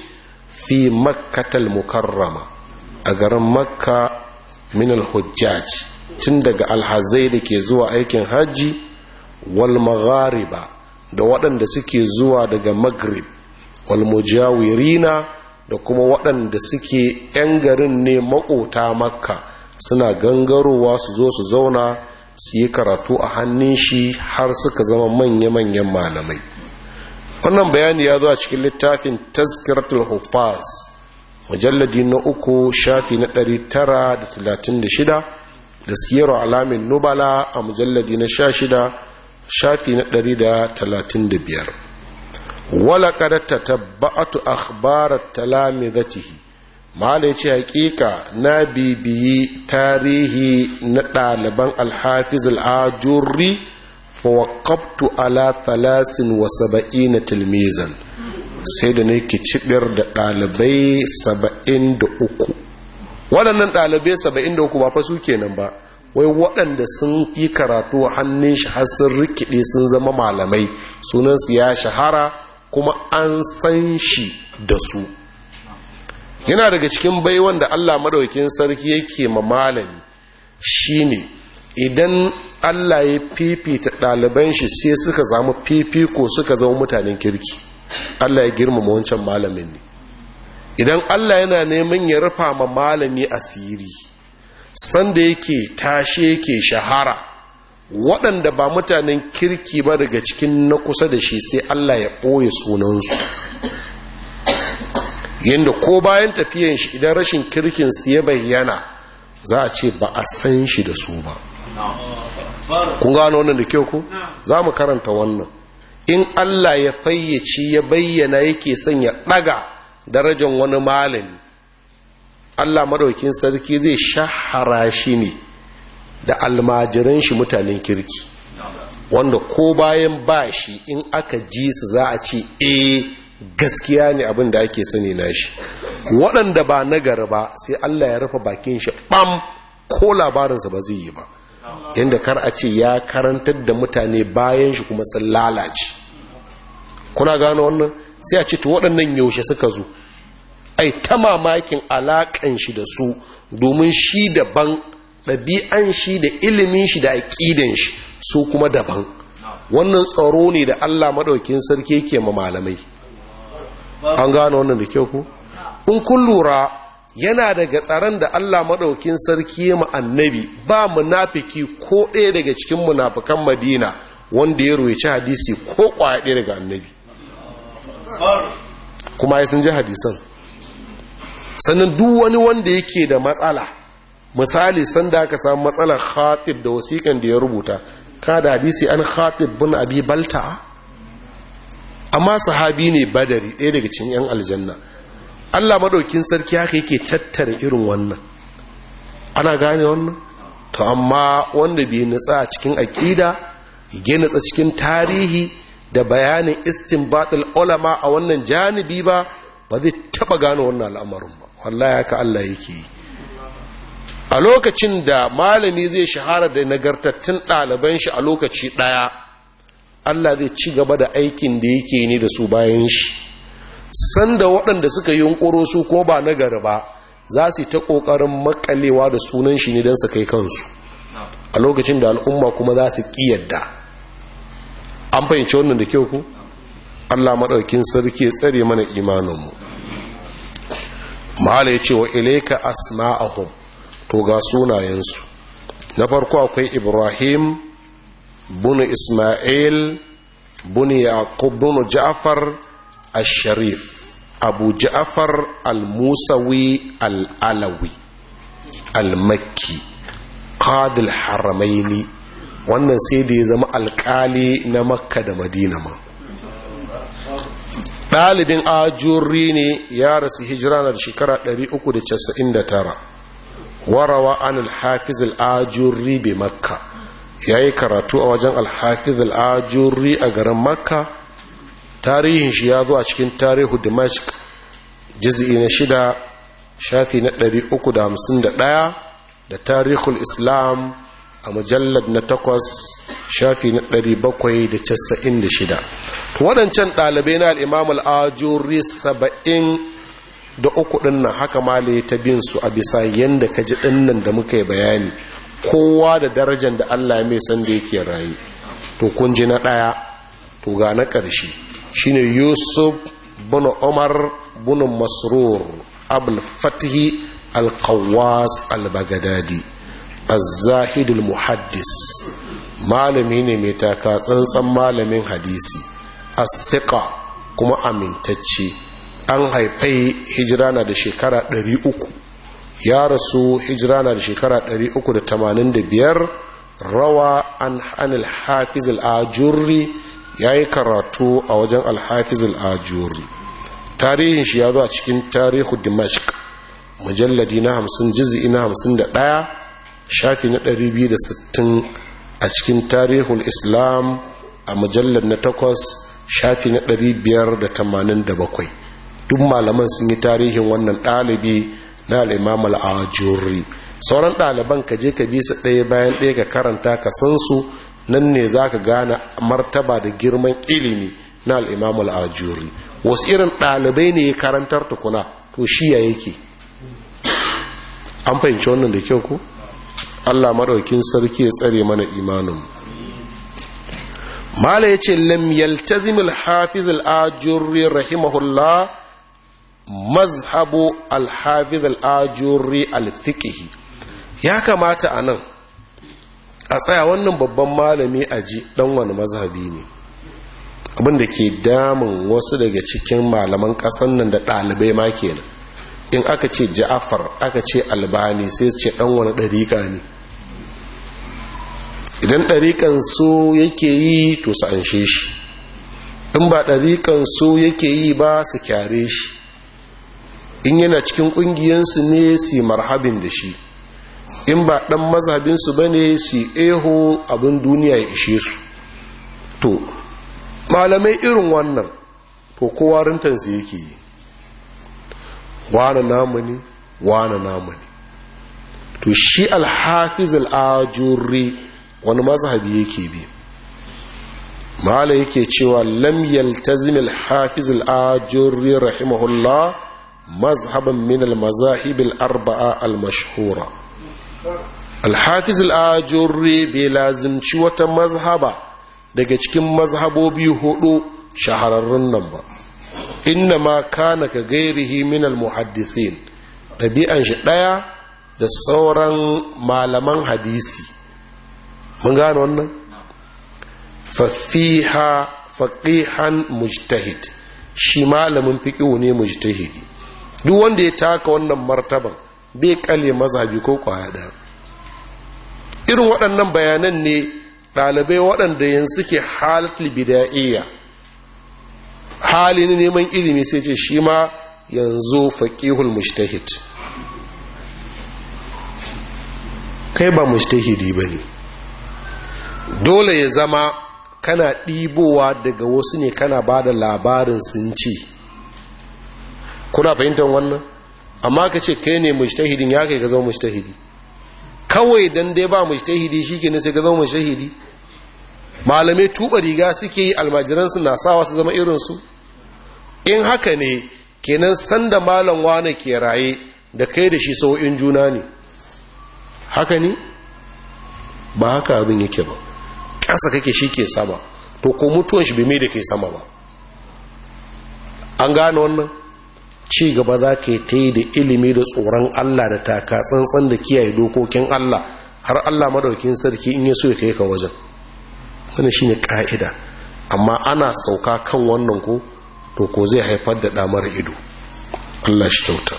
fi makkatal mukarrama a garin makka min al-hujjaj tun daga alhazai da ke zuwa aikin hajji wal maghariba da waɗanda suke zuwa daga maghrib wal mujawirina da kuma waɗanda suke 'yan garin ne maƙota makka suna gangarowa su zo su zauna su yi karatu a hannun shi har suka zama manya-manyan malamai wannan bayani ya zo a cikin littafin tazkiratul hufaz mujalladi na uku shafi na 936 da siyarwa alamin nubala a mujalladi na sha shida shafi na ɗari da talatin da biyar walaƙar ta tabba'atu akhbarar talamizatihi mahala ya ce hakika na bibiyi tarihi na ɗaliban alhafiz al'ajurri fawakabtu ala talasin wa na tilmizan sai da na ke cibiyar da ɗalibai saba'in da uku waɗannan ɗalibai saba'in da uku ba fa su kenan ba wai waɗanda sun yi karatu a hannun shi har sun rikide sun zama malamai sunansu ya shahara kuma an san shi da su yana daga cikin baiwan da allah maɗaukin sarki yake ma malami shi ne idan allah ya fifita ɗaliban shi sai suka zama fifiko suka zama mutanen kirki allah ya girmama wancan malamin ne idan Allah yana neman ya rufa ma malami asiri sanda yake tashe yake shahara waɗanda ba mutanen kirki ba daga cikin na kusa da shi sai Allah ya ɓoye sunansu yadda ko bayan tafiyan shi idan rashin kirkin su ya bayyana za a ce ba a san shi da su ba kun gano wannan da kyau ku za mu karanta wannan in Allah ya fayyace ya bayyana yake son ya ɗaga Darajan wani malami Allah maɗaukin sarki zai shahara shi ne da almajiran shi mutanen kirki wanda ko bayan ba shi in aka ji su za a ce e gaskiya ne abin da ake sani na shi waɗanda ba nagari ba sai Allah ya rufe bakin shi bam ko labarinsa ba zai yi ba yadda kar a ce ya karantar da mutane bayan shi kuma sun lalace kuna gano wannan sai a ce to waɗannan yaushe suka zo ai ta mamakin alaƙan shi da su domin shi daban ɗabi'an shi da ilimin shi da aƙidan shi su kuma daban wannan tsaro ne da allah maɗaukin sarki ke ma malamai an gano wannan da kyau ku in kun lura yana daga tsaron da allah maɗaukin sarki ma annabi ba munafiki ko ɗaya daga cikin munafikan madina wanda ya roci hadisi ko ƙwaya ɗaya daga annabi kuma ya sun ji hadisan sannan duk wani wanda yake da matsala misali sanda aka samu matsalar khatib da wasikan da ya rubuta ka da hadisi an khatib bin abi balta amma sahabi ne badari ɗaya daga cikin yan aljanna Allah madaukin sarki haka yake tattara irin wannan ana gane wannan to amma wanda bai nutsa a cikin aqida ya nutsa cikin tarihi da bayanin istinbatul ulama a wannan janibi ba ba zai taba gane wannan al'amarin wallahi haka Allah yake yi a lokacin da malami zai shahara da nagartattun ɗaliban shi a lokaci ɗaya Allah zai ci gaba da aikin da yake ne da su bayan shi sanda waɗanda suka yi yunƙuro su ko ba nagari ba za su ta ƙoƙarin makalewa da sunan shi ne don su kai kansu a lokacin da al'umma kuma za su ƙiyadda an fahimci wannan da kyau ku Allah maɗaukin sarki ya tsare mana imaninmu mahala ya ce wa ilaika asma'ahum to ga sunayensu na farko akwai ibrahim bunu isma'il bunu yaqub bunu ja'far al-sharif abu ja'far al-musawi al-alawi al-makki qadil haramaini wannan sai da ya zama alkali na makka da madina ma ɗalibin ajurri ne ya rasu hijira na shekara 399 warawa an alhafiz al'ajurri bai makka ya yi karatu a wajen alhafiz al'ajurri a garin makka tarihin shi ya zo a cikin tarihu dimashq jizi na shida shafi na 351 da tarihul islam a mujallar na takwas shafi na ɗari bakwai da casa'in da shida to waɗancan ɗalibai na al'imamul ajuri saba'in da uku ɗinnan haka male ta bin su a bisa yadda ka ji ɗinnan da muka yi bayani kowa da darajar da allah mai san da yake rayu to kun ji na ɗaya to ga na ƙarshe shine yusuf bin umar bin masrur abul fatihi al-qawwas al-bagadadi azzahidul muhaddis malami ne mai taka tsantsan malamin hadisi as kuma amintacce an haifai hijira na da shekara 300 ya rasu hijira na da shekara 385 rawa an anil hafiz al ya yayi karatu a wajen al-hafiz tarihin shi ya zo a cikin tarihu dimashq mujalladi na 50 jizi na 51 shafi na sittin a cikin tarihul islam a mujallar na takwas shafi na bakwai duk malaman sun yi tarihin wannan ɗalibi na al'imam al'ajuri sauran ɗaliban ka je ka bi su ɗaya bayan ɗaya ka karanta ka san su nan ne za ka gane martaba da girman ilimi na al'imam al'ajuri wasu irin ɗalibai ne ya karantar tukuna to shi ya yake an fahimci wannan da kyau ko Allah maɗaukin sarki ya tsare mana imanin mala ya ce lam yaltazim al-hafiz rahimahullah mazhabu alhafiz hafiz al ya kamata a nan a tsaya wannan babban malami a ji dan wani mazhabi ne abinda ke damun wasu daga cikin malaman ƙasan nan da ɗalibai ma kenan in aka ce ja'afar aka ce albani sai su ce dan wani ɗariƙa ne idan dariƙan so yake yi to su anshe shi in ba ɗariƙan so yake yi ba su kyare shi in yana cikin ƙungiyarsu ne su marhabin da shi in ba ɗan mazhabinsu ba ne su eho abin duniya ya ishe su to malamai irin wannan to kowa rintansu yake yi wane namu ne wane namu ne to shi alhafiz al'ajurri wani mazhabi yake bi mala yake cewa lam yaltazim alhafiz al'ajurri rahimahullah mazhaban min almazahib al'arba'a al-mashhura alhafiz al'ajurri bai lazimci wata mazhaba daga cikin mazhabobi hudu shahararrun nan ba inna ma kana ka gairihi min almuhaddisin ɗabi'an shi ɗaya da sauran malaman hadisi mun gane wannan fafiha faqihan mujtahid shi malamin fiqihu ne mujtahidi duk wanda ya taka wannan martaban bai kale mazhabi ko kwaya irin waɗannan bayanan ne ɗalibai waɗanda yanzu suke halatul bida'iyya hali ne neman ilimi sai ce shi ma yanzu faƙihul mustahid kai ba mustahidi ba ne dole ya zama kana ɗibowa daga wasu ne kana ba da labarin sun ci kuna fahimtar wannan amma ka ce kai ne mustahidin ya kai ka zama mushtahidi kawai don dai ba mustahidi shi ke sai ka zama mustahidi malamai tuba riga suke yi almajiransu na sawa su zama irin su? in haka ne kenan sanda malam wane ke raye da kai da shi sau'in juna ne haka ne ba haka abin yake ba ƙasa kake shi ke sama to ko mutuwan shi bai da ke sama ba an gane wannan ci gaba za ka yi ta yi da ilimi da tsoron allah da taka tsantsan da kiyaye dokokin allah har allah madaukin sarki in ya so ya kai ka wajen wannan shine ka'ida amma ana sauka kan wannan ko to ko zai haifar da damar ido Allah shi kyauta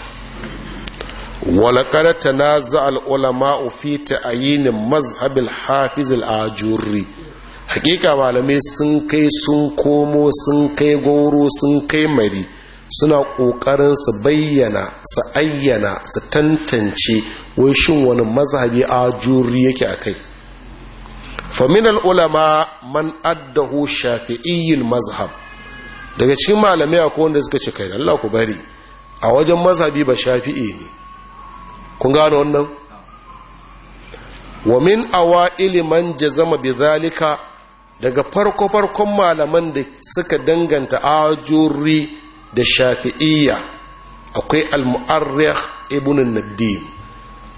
walaqad tanaza al ulama'u fi ta'yin mazhab al hafiz al ajurri hakika malamai sun kai sun komo sun kai goro sun kai mari suna ƙoƙarin su bayyana su ayyana su tantance wai shin wani mazhabi a yake a kai famin ulama man addahu shafi'iyyin mazhab daga cikin malamai a wanda suka ce kai Allah ku bari a wajen mazhabi ba shafi'i ne kun gano wannan wa min awa'ili man jazama bi daga farko-farkon malaman da suka danganta ajuri da shafi'iyya akwai al-mu'arrikh ibn nadim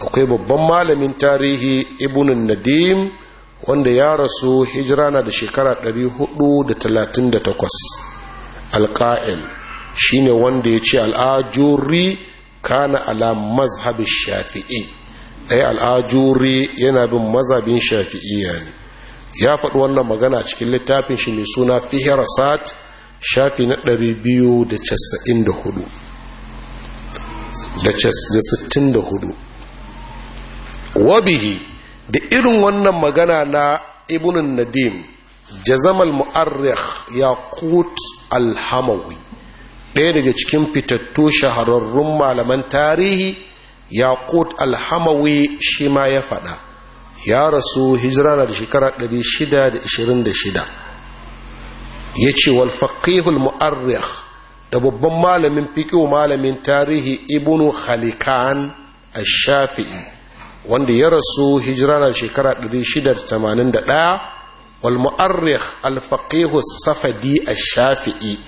akwai babban malamin tarihi ibn nadim wanda ya rasu hijira na da shekara 438 alƙa'il shi ne wanda ya ce al'ajuri kana ala mazhabin shafi'i ai al'ajuri yana bin mazhabin shafi'iya ne ya faɗi wannan magana cikin littafin shi mai suna fiherasat shafi na 294 da 64 wabihi da irin wannan magana na ibn nadim jazamal mu'arrikh yaqut al-hamawi ɗaya daga cikin fitattu shahararrun malaman tarihi yaqut al-hamawi shi ma ya faɗa ya rasu da shekara 626 ya ce wal faqihul mu'arrikh da babban malamin fiƙo malamin tarihi ibnu khalikan ash-shafi'i wanda ya rasu hijira na shekara 681 wal mu'arrikh al faqih safadi ash-shafi'i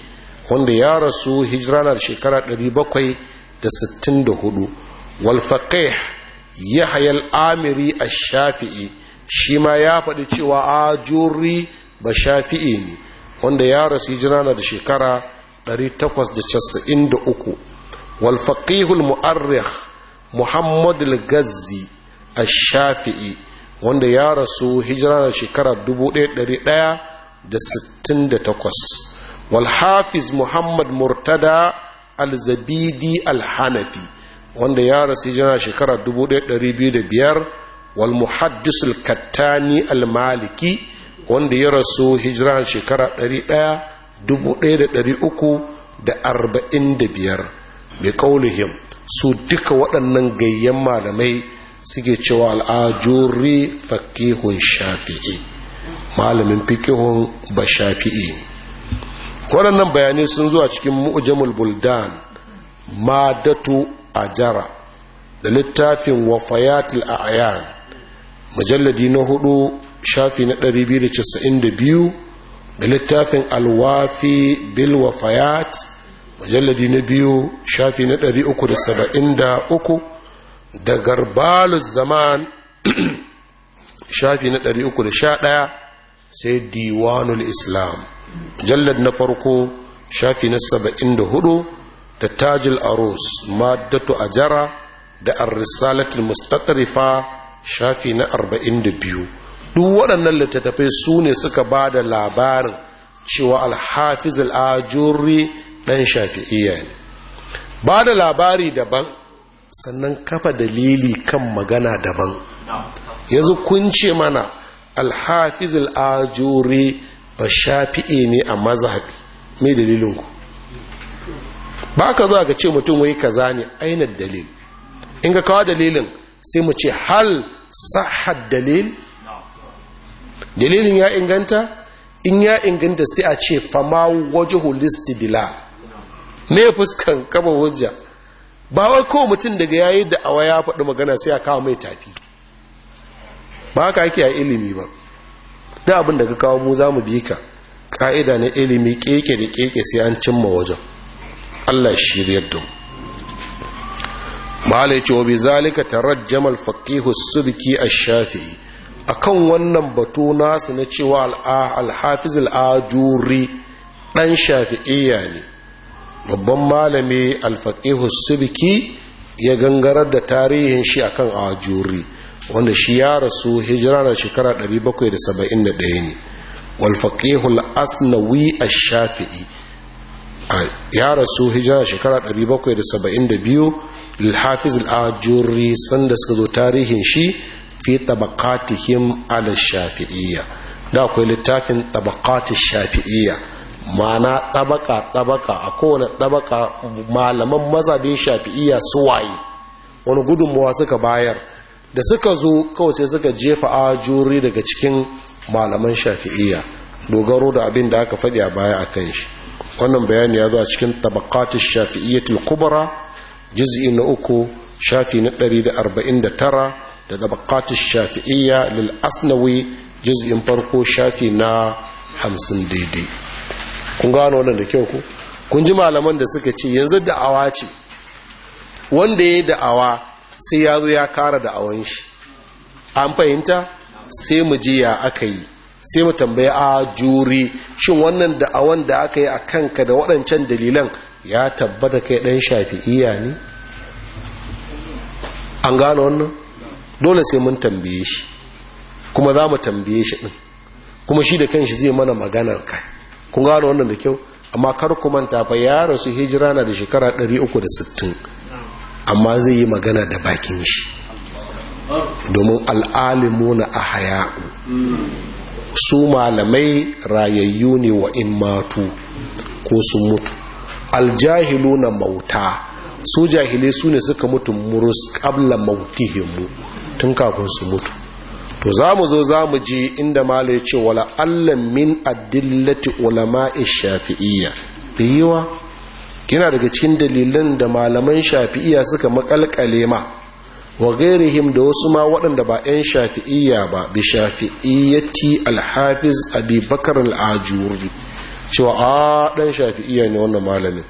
wanda ya rasu hijira na shekara 764 wal faqih yahya al-amiri ash-shafi'i shi ma ya faɗi cewa ajuri ba shafi'i ne wanda ya rasu hijira na shekara 893 wal faqih al mu'arrikh muhammad al-gazzi ash-shafi'i wanda ya rasu hijira da shekara 1168 wal hafiz muhammad murtada al-zabidi al-hanafi wanda ya rasu hijira da shekara 1205 wal muhaddis al-kattani al-maliki wanda ya rasu hijira da shekara 1345 bi kaulihim su duka waɗannan gayyan malamai suke cewa al'ajuri fakihun shafi'i malamin fikihun ba shafi'i waɗannan bayanai sun zuwa cikin mu'jamul buldan madatu ajara da littafin wafayatul a'yan mujalladi na hudu shafi na 292 da littafin alwafi bil wafayat mujalladi na biyu shafi na 373 da garbalus zaman shafi na 311 sai diwanul islam jallad na farko shafi na 74 da tajil arus maddatu ajara da ar-risalatul mustatrifa shafi na 42 duk waɗannan littattafai su ne suka ba da labarin cewa alhafiz al'ajurri ɗan shafi'iyya ne ba da labari daban sannan kafa dalili kan magana daban yanzu kun ce mana alhafiz al'ajuri ba shafi'i ne a mazhabi mai dalilinku ba ka zuwa ka ce mutum wai kaza ne ainihin dalil in ka kawo dalilin sai mu ce hal sahad dalil dalilin ya inganta in ya inganta sai a ce fama waje dila ne fuskan kama hujja ba wai ko mutum daga yayi da awa ya faɗi magana sai a kawo mai tafi ba haka ake a ilimi ba da abin da ka kawo mu za mu bi ka ƙa'ida na ilimi keke da keke sai an cimma wajen allah shiryar da mu malai ce wabi zalika tarajjamal faƙihu subki shafi. A kan wannan batu nasu na cewa alhafizul hafiz ɗan ajuri shafi'iyya ne babban malami alfaqihu sibiki ya gangarar da tarihin shi akan ajuri wanda shi ya rasu hijira na shekara 771 ne wal faqihu al-asnawi ash-shafi'i ya rasu hijira shekara 772 lil hafiz al-ajuri sanda suka zo tarihin shi fi tabaqatihim ala shafi'iyya da akwai littafin tabaqat shafiiyya mana tabaka tabaka a kowane tabaka malaman mazabin shafi'iyya suwaye wani gudunmuwa suka bayar da suka zo kawai sai suka jefa a juri daga cikin malaman shafi'iyya dogaro da abin da aka faɗi a baya a kan shi wannan bayani ya zo a cikin tabakatun shafi'iyyatul kubra juz'i na uku shafi na 149 da tara tabakatun shafi'iyya lil asnawi juz'in farko shafi na hamsin daidai kun gano wannan da kyau ku kun ji malaman da suka ce yanzu da'awa ce wanda ya yi da'awa sai ya zo ya kara da'awan shi an fahimta sai mu ji ya aka yi sai mu tambaye a juri shin wannan da'awan da aka yi a kanka da waɗancan dalilan ya tabbata kai ɗan shafi'iya ne an gano wannan dole sai mun tambaye shi kuma za mu tambaye shi ɗin kuma shi da kanshi zai mana maganar kai kun gano wannan da kyau amma kar ku manta fa ya rasu hijira na da shekara 360 amma zai yi magana da bakin shi domin al'alimu na a haya'u su malamai rayayyu ne wa in matu ko su mutu aljahilu na mauta su jahilai su ne suka mutu murus ƙabla mautihimu tun kafin su mutu to za mu zo za mu ji inda mala ya ce wala allan min addillati ulama shafi'iyya da yiwa kina daga cikin dalilan da malaman shafi'iyya suka makalkale ma wa gairihim da wasu ma waɗanda ba 'yan shafi'iyya ba bi shafi'iyyati alhafiz abi bakar al'ajuri cewa a ɗan shafi'iyya ne wannan malamin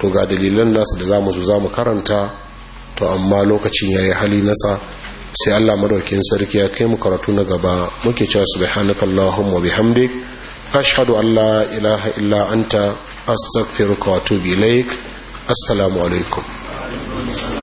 to ga dalilan nasu da za mu zo za mu karanta to amma lokacin ya yi hali nasa sai Allah madaukakin sarki ya kai mu karatu na gaba muke cewa subhanakallahumma bihamdik ashhadu an la ilaha illa anta astaghfiruka wa atubu ilaik assalamu alaikum